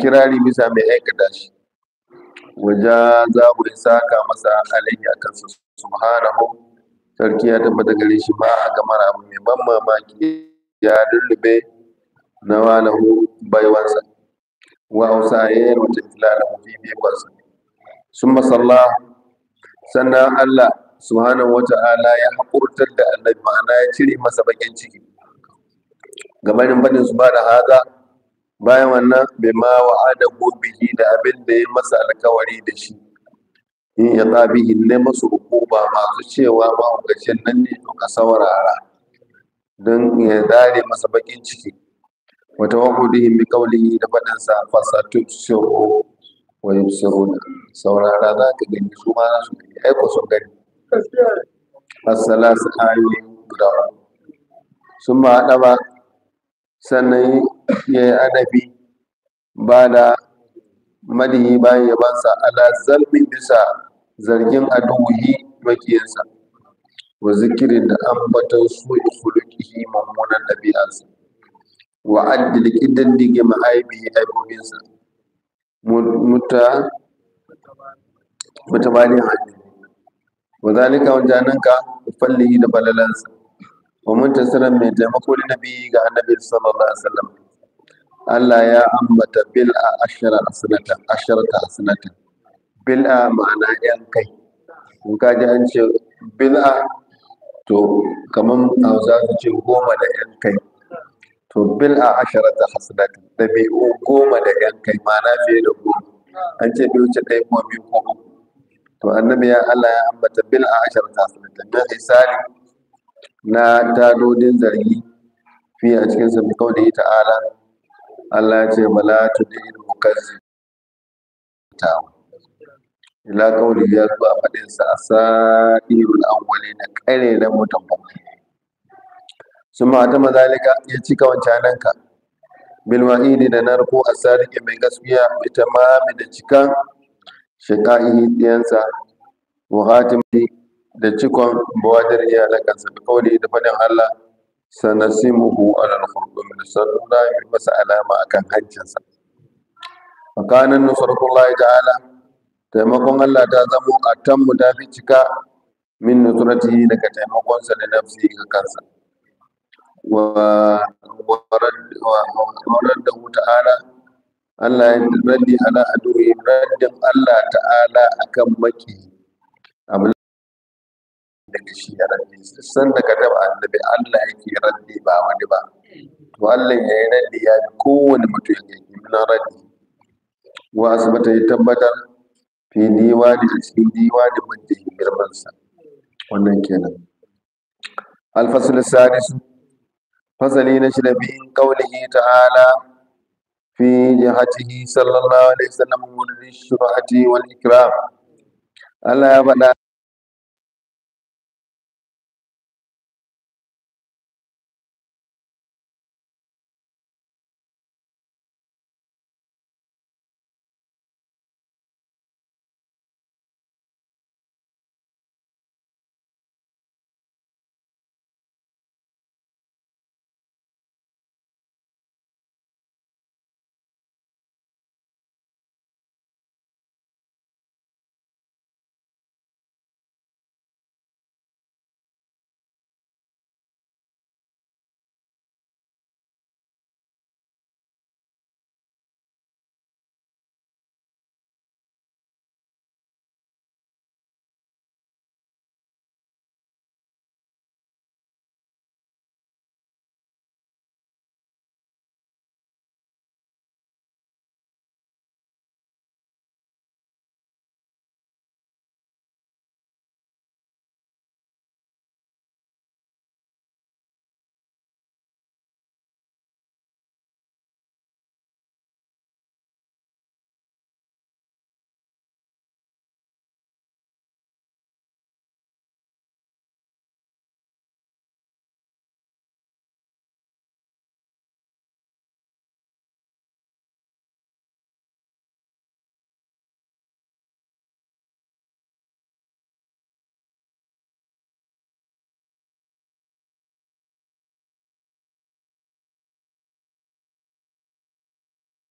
kirari bisa mai aikata shi Waje za mu yi saka masa alayhi a kansa subhanahu sarki ya tabbata gare shi ba a kamar abu mai ban mamaki ya lullube na hu baiwansa wa hausa ya yi wata fila da mafi biyakwarsa sun masalla sannan allah subhanahu wa ta'ala ya haƙurtar da annabi ma'ana ya cire masa bakin ciki gabanin banin su ba da haza bayan wannan ma wa'ada gobihi da abin da ya masa alkawari da shi in ya tsabi ne masu hukuma masu cewa hukacin nan ne to ka saurara don ya dare masa bakin ciki wata wakudihim bi kaulihi da faɗin sa fasatun shiru wa yusiruna saurara za ka gani su ma su gani aiko sun gani as-salasu guda sun ma haɗa ba sannan ya adabi ba da madihi bayan yabansa ala zalmin bisa zargin aduhi makiyansa wa zikirin da ambaton su yi mummunan ɗabi'arsa wa addil ya yi aibobinsa muta ne hali wa zalika wajananka falli da balalansa wa tasirar mai taimako da nabi ga annabi sallallahu alaihi wasallam Allah ya ambata bil'a ashara asnatan asharata asnatan bil'a ma'ana yan kai in ka ji an ce bil'a to a za su ce goma da yan kai to bil'a asharata hasnatan da bai goma da yan kai ma'ana fiye da goma an ce bai wuce ɗaya ko biyu ko to annabi ya Allah ya ambata bil'a asharata hasnatan don isali na tadodin zargi fiye a cikin sabbin kawai ta'ala Allah ya ce mala tudil ta tawo ila kauli ya zo a fadin sa asadirul na kare da mutabba ma ta mazalika ya ci wancanan ka bil wa'idi da narko a sarki mai gaskiya ma mai da cikan shiqaihi diyansa wa hatimi da cikon bawadar iyalakansa bi kauli da faɗin Allah sanasimuhu ala al-khurqum sannan da yi masa alama akan hancinsa makanan nusratullahi ta'ala taimakon Allah ta zamo a tammu ta fi cika min nusrati daga taimakonsa da nafsi ga kansa wa da ta'ala Allah ya raddi ala aduwi raddin Allah ta'ala akan maki daga shi ya raddi san da ka taba annabi Allah yake raddi ba wani ba to Allah ya yi raddi ya fi kowane mutum ya yi na raddi wa asibata ya tabbatar fi diwani a cikin diwani mutum ya girman sa wannan kenan alfasul sadis fasali na shida bi qaulihi ta'ala fi jihatihi sallallahu alaihi wasallam wa shurahati wal ikram Allah ya faɗa